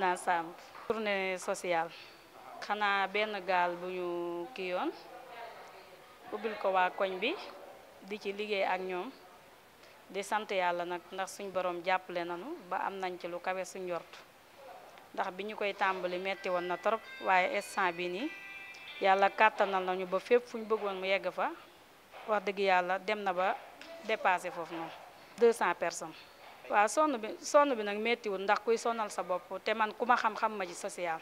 Amina Samb tournée sociale xanaa benn gaal bu ñu kii yoon ubbil ko koñ bi di ci liggéey ak ñoom di sant yàlla nag ndax suñ borom jàppale nañu ba am nañ ci lu kawe suñ yort ndax bi ñu koy tàmbali metti woon na trop waaye instant bi nii yàlla kàttanal nañu ba fépp fu ñu bëggoon mu yegg fa wax dëgg yàlla dem na ba dépassé foofu noonu 200 personnes waa sonn bi sonn bi nag méttiwul ndax kuy sonal sa bopp te man ku ma xam-xam ma ci social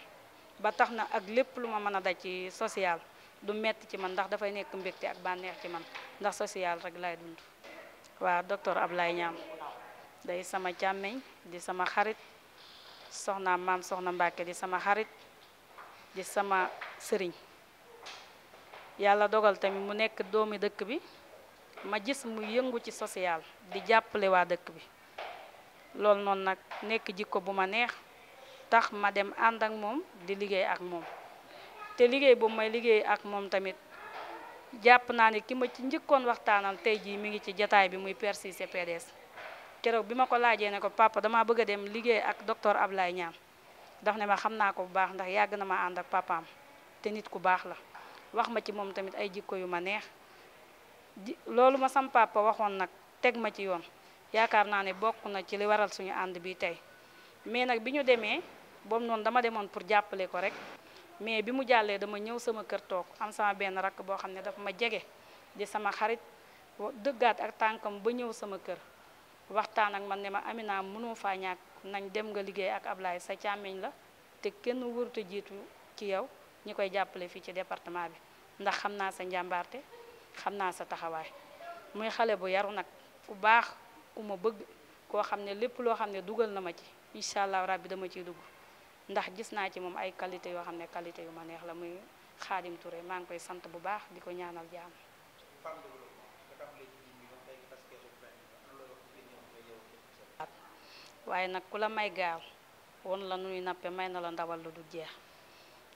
ba tax na ak lépp lu ma mën a daj ci social du metti ci man ndax dafay nekk mbégte ak bànneex ci man ndax social rek lay dund waaw docteur Ablaye Ñaam day sama càmmeñ di sama xarit soxna maam soxna Mbàkke di sama xarit di sama sëriñ yàlla dogal tamit mu nekk doomi dëkk bi ma gis mu yëngu ci social di jàppale waa dëkk bi loolu noonu nag nekk jikko bu ma neex tax ma dem ànd ak moom di liggéey ak moom te liggéey bu may liggéey ak moom tamit jàpp naa ne ki ma ci njëkkoon waxtaanal tey jii mi ngi ci jataay bi muy persisé PDS keroog bi ma ko laajee ne ko papa damaa bëgg a dem liggéey ak doctor ab Ablaye ñaan daf ne ma xam naa ko bu baax ndax yàgg na ma ànd ak papaam te nit ku baax la wax ma ci moom tamit ay jikko yu ma neex loolu ma sam waxoon nag teg ma ci yoon yaakaar naa ne bokk na ci li waral suñu ànd bi tey mais nag bi ñu demee boobu noonu dama demoon pour jàppale ko rek mais bi mu jàllee dama ñëw sama kër toog am sama benn rakk boo xam ne dafa ma jege di sama xarit dëggaat ak tànkam ba ñëw sama kër waxtaan ak man ne ma naa mënoo faa ñàkk nañ dem nga liggéey ak Ablaye sa càmmiñ la te kenn warut jiitu ci yow ñi koy jàppale fii ci département bi ndax xam naa sa njàmbaarte xam naa sa taxawaay muy xale bu yaru ku ma bëgg ko xamne ne lo xamne duggal ne dugal na ma ci inshallah rabbi dama ci dugg ndax gis na ci mom ay qualité yo xamne ne qualité yu ma neex la muy khadim Touré maa ngi koy sant bu baax di ñaanal jaam. waye nak kula may gaaw won la nuy nappé may na la ndawal lu du jeex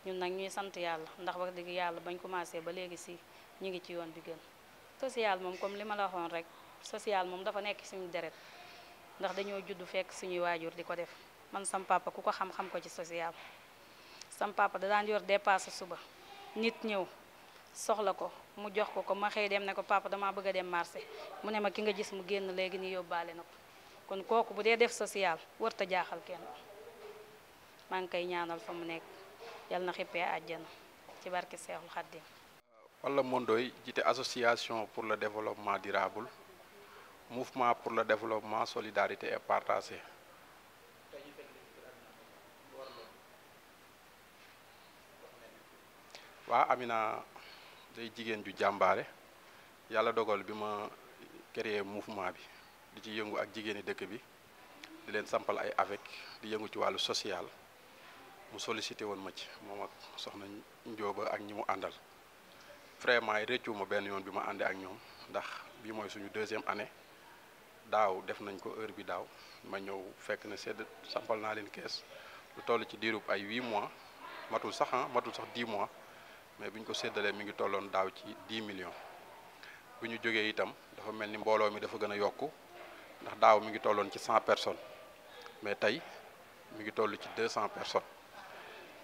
ñun nak ñuy sant yalla ndax wax deug yalla bañ commencé ba légui si ñi ngi ci yoon bi gën social mom comme li la waxoon rek. social moom dafa nekk suñu deret ndax dañoo juddu fekk suñuy waajur di ko def man sam ku ko xam-xam ko ci social sam papa da daan yor dépasse suba nit ñëw soxla ko mu jox ko ko ma xëy dem ne ko papa damaa bëgg a dem marché mu ne ma ki nga gis mu génn léegi nii yóbbaale na kon kooku bu dee def social warta jaaxal kenn maa ngi koy ñaanal fa mu nekk yal na xippee àjjana ci barke Seexul Xaddim wala Mondoy jiite association pour le développement durable mouvement pour le développement solidarité et partagé Wa, Amina day jigen ju jàmbaare Yalla dogal bima créé mouvement bi di ci yëngu ak jigéeni dëkk bi di leen sampal ay avec di yëngu ci walu social mu sollicité won ma ci mom ak soxna njoba ak ñimu andal àndal vraiment rëccu ma ben yoon bima andé ak ñom ndax bi moy suñu deuxième année daaw def nañ ko heure bi daaw ma ñëw fekk na sedd sampal naa leen kees lu toll ci diirub ay 8 mois matul sax ah matul sax 10 mois mais bu ñu ko séddalee mi ngi tolloon daaw ci 10 million bu ñu jógee itam dafa mel ni mbooloo mi dafa gën a yokku ndax daaw mi ngi tolloon ci cent personnes mais tey mu ngi toll ci 200 personnes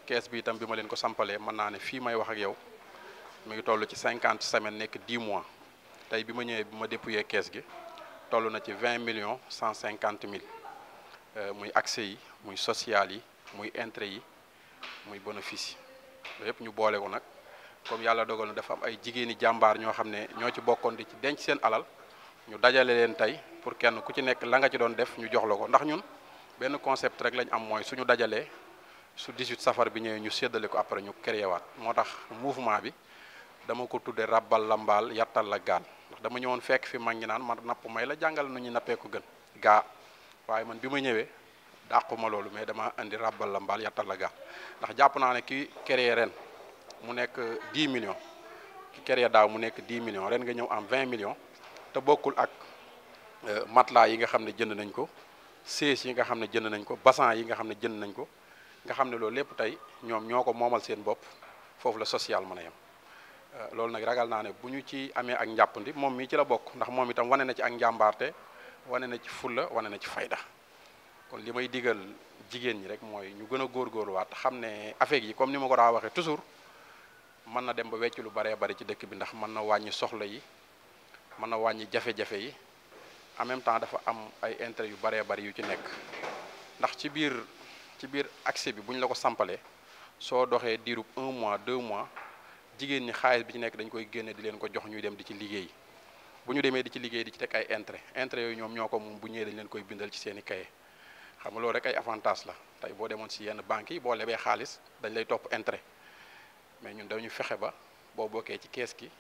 kees bi itam bi ma leen ko sampalee mën naa ne fii may wax ak yow mu ngi toll ci cinquante semaine nekk 10 mois tey bi ma ñëwee bi ma dépouillé kees gi tolu na ci 20 millions cent cinquante mille euh, muy accès yi muy social yi muy intérêt yi muy bénéfice yi yëpp ñu bolé ko nak comme yalla dogal na dafa am ay jigéeni jambar ño xamné ño ci bokkoon di ci denc sen alal ñu dajalé len tay pour kenn ku ci nekk la nga ci doon def ñu jox lako ndax ñun ben concept rek lañ am moy suñu dajalé su 18 safar bi ñëwee ñu sédalé ko après ñu créé waat motax mouvement bi dama ko tudde rabal lambal yattal la gaal dama ñëwoon fekk fi mag ñi naan man napp may la jangal nu ñu nappé ko gën ga waye man bima ñëwé daquma lolu mais dama andi rabal la mbal yatal la ga ndax japp na ne ki créer ren mu nekk 10 millions ki créer daaw mu nekk 10 millions ren nga ñëw am 20 millions te bokul ak euh, matla yi nga xamne jënd nañ ko ses yi nga xamne jënd nañ ko bassin yi nga xamne jënd nañ ko nga xamne lolu lepp tay ñom ñoko momal seen bop fofu la social mëna yam Euh, loolu nag ragal naa ne bu ñu ci amee ak njàppandi moom mii ci la bokk ndax moom itam wane na ci ak njàmbaarte wane na ci fulla wane na ci fayda kon li may digal jigéen ñi rek mooy ñu gën a góorgóorluwaat xam ne affaire yi comme ni ma ko daa waxee toujours mën na dem ba wecc lu baree bari ci dëkk bi ndax mën na wàññi soxla yi mën na wàññi jafe-jafe yi en même temps dafa am ay intérêt yu baree bari yu ci nekk ndax ci biir ci biir accès bi bu ñu la ko sampalee soo doxee diirub un mois deux mois jigéen ñi xaalis bi ci nekk dañ koy génne di leen ko jox ñuy dem di ci liggéey bu ñu demee di ci liggéey di ci teg ay intérêt intérêt yooyu ñoom ñoo ko moom bu ñëwee dañ leen koy bindal ci seeni i kaye xam nga loolu rek ay avantage la tey boo demoon si yenn banques yi boo lebee xaalis dañ lay topp intérêt mais ñun dañu fexe ba boo bokkee ci kees gi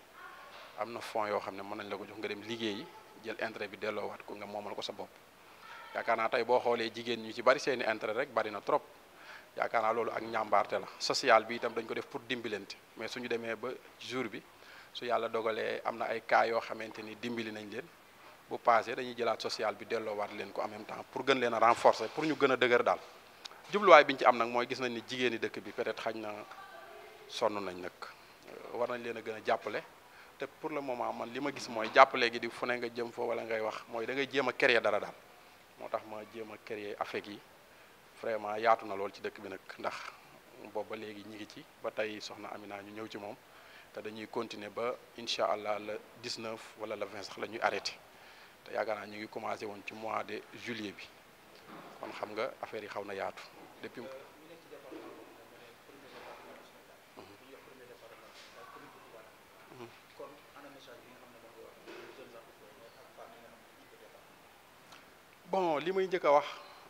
am na fonds yoo xam ne mën nañ la ko jox nga dem liggéeyi jël intérêt bi delloowaat ko nga moom la ko sa bopp yaakaar naa boo xoolee jigéen ñu ci bari seen i intérêt rek bari na trop yaakaar naa loolu ak ñàmbaarte la social bi itam dañ ko def pour dimbilante mais suñu demee ba jour bi su yàlla dogalee am na ay cas yoo xamante ni dimbali nañ leen bu passé dañuy jëlaat social bi delloowaat leen ko en même temps pour gën leen a renforcer pour ñu gën a dëgër daal jubluwaay bi ñu ci am nag mooy gis nañ ni jigéen ñi dëkk bi peut-être xañ na sonn nañ nag euh, war nañ leen a gën a jàppale te pour le moment man li ma gis mooy jàppale gi di fu ne nga jëm foo wala ngay wax mooy da ngay jéem a créer dara daal moo tax ma jéem a créer yi vraiment yaatu na lool ci dëkk bi nag ndax boobu ba léegi ñi ngi ci ba tey soxna Amina ñu ñëw ci moom te dañuy continuer ba incha allah le 19 wala le vingt sax la ñuy arrêté te yaakaar naa ñu ngi commencé woon ci mois de juillet bi kon xam nga affaire yi xaw na yaatu depuis. bon li may njëkk a wax.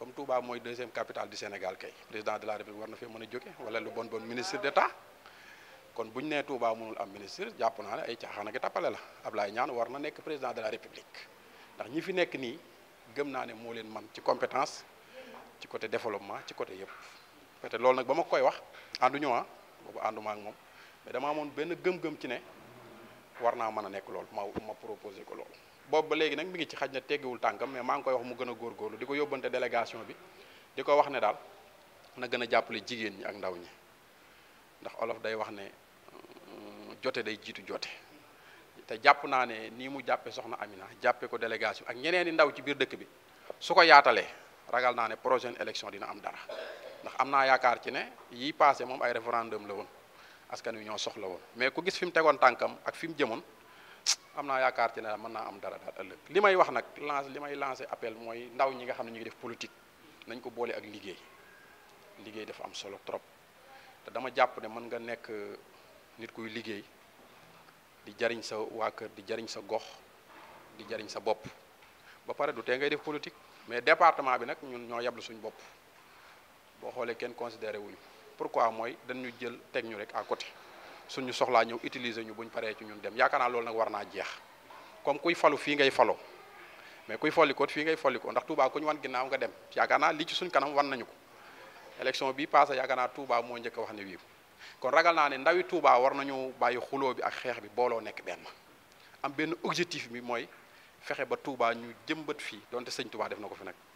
comme Touba moy deuxième capitale du Sénégal kay président de la République warna fi fee mën wala lu bon bon ministre d'État kon buñ né Touba mënul am ministre jàpp naa ay tiaxana gi tapalé la Ablaye Niane warna nek président de la République ndax ñi fi nek ni, gëm n'a ne mo leen man ci compétence ci côté développement ci côté yépp peut-être loolu nag ba koy wax ñu ha ah, boobu anduma ak moom mais dama amone benn gëm-gëm ci ne war naa mën a nekk lool ma ma proposé ko loolu boobu ba léegi nag mi ngi ci xaj na teggiwul tànkam mais maa ngi koy wax mu gën a góorgóorlu di ko yóbbante délégation bi di ko wax ne daal na gën a jàppale jigéen ñi ak ndaw ñi ndax olof day wax ne euh, jote day jiitu jote te jàpp naa ne nii mu jàppe soxna Amina jàppe ko délégation ak ñeneen i ndaw ci biir dëkk bi su ko yaatalee ragal naa ne projet élection dina am dara ndax am naa yaakaar ci ne yii passé moom ay référendum la woon askan wi ñoo soxla woon mais ku gis fi mu tegoon tànkam ak fi mu jëmoon am naa yaakaar ci ne mën naa am dara daal ëllëg li may wax nag lance li may lancé appel mooy ndaw ñi nga xam ne ñu ngi def politique nañ ko boole ak liggéey liggéey dafa am solo trop te dama jàpp ne mën nga nekk nit kuy liggéey di jariñ sa waa kër di jariñ sa gox di jariñ sa bopp ba pare du tee ngay def politique mais département bi nag ñun ñoo yablu suñu bopp boo xoolee kenn considéré wuñu pourquoi mooy dañu jël teg ñu rek à côté suñu soxlaa ñëw utiliser ñu buñ paree ci ñun dem yaakaar naa nak warna jeex comme kuy falu fi ngay falo mais kuy follikoo fi ngay follikoo ndax Touba kuñ wan ginnaw nga dem yaakaar li ci suñ kanam wan nañu ko election bi passé yaakaar Touba mo njëkk wax ni wi kon ragal na ne ndawi Touba war nañu bayyi xulo bi ak xex bi booloo nekk benn am ben objectif bi moy fexé ba Touba ñu jëmbat fi donte sëñ Touba def nako fi nak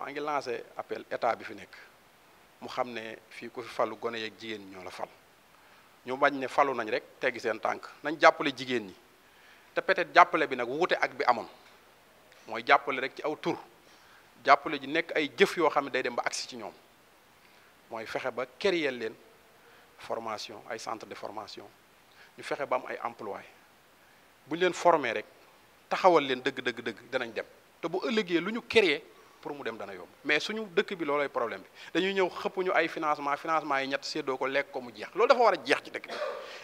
maa ngi lancé appel état bi fi nekk mu xam ne fii ko fi falu gone yeeg jigéen ñi ñoo la fal ñu bañ ne falu nañ rek teggi seen tànk nañ jàppale jigéen ñi te peut-être jàppale bi nag wute ak bi amoon mooy jàppale rek ci aw tur jàppale ji nekk ay jëf yoo xam ne day dem ba agsi ci ñoom mooy fexe ba créer leen formation ay centre de formation ñu fexe ba am ay emploi buñ leen former rek taxawal leen dëgg dëgg dëgg danañ dem te bu ëllëgee lu ñu créer pour mu dem dana yomb mais suñu dëkk bi loolooy problème bi dañuy ñëw xëpp ñu ay financement financement yi ñett séddoo ko lekk ko mu jeex loolu dafa war a jeex ci dëkk bi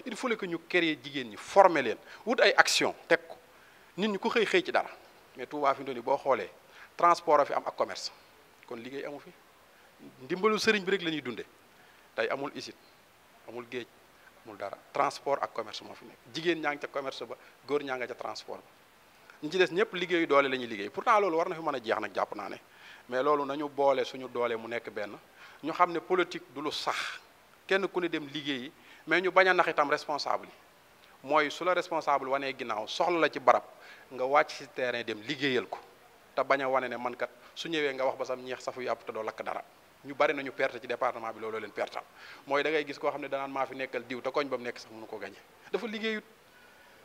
il faut que ñu créer jigéen ñi former leen wut ay action teg ko nit ñu ku xëy xëy ci dara mais Touba fi mu toll boo xoolee transport fi am ak commerce kon liggéey amu fi ndimbalu sëriñ bi rek la ñuy dundee tey amul usine amul géej amul dara transport ak commerce moo fi nekk jigéen ñaa ngi ca commerce ba góor ñaa nga ca transport ñi ci des ñëpp liggéeyu doole la ñuy liggéey pourtant loolu war na fi mën a jeex nag jàpp naa ne mais loolu nañu boole suñu doole mu nekk benn ñu ne politique du lu sax kenn ku ne dem liggéeyi mais ñu bañ a nax itam responsable yi mooy su la responsable wanee ginnaaw soxla la ci barab nga terrain dem liggéeyal ko ta bañ a wane ne man kat su ñëwee nga wax ba sam ñeex safu nyu te doo lakk dara ñu bari nañu perte ci département bi looloo leen pertal mooy da ngay gis koo xam ne danaan ma fi nekkal diw ta koñ ba nekk sax mënu ko gañe dafa liggéeyut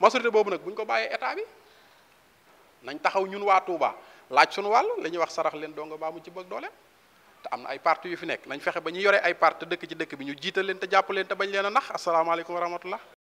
majorité boobu nag bu ñu ko bàyyee état bi nañ taxaw ñun waa Touba laaj suñu wàll la ñuy wax sarax leen donga baa mu ci bëgg dooleem te am na ay parti yu fi nekk nañ fexe ba ñu yore ay parti dëkk ci dëkk bi ñu jiital leen te jàpp leen te bañ leen a nax asalaamaaleykum wa rahmatullah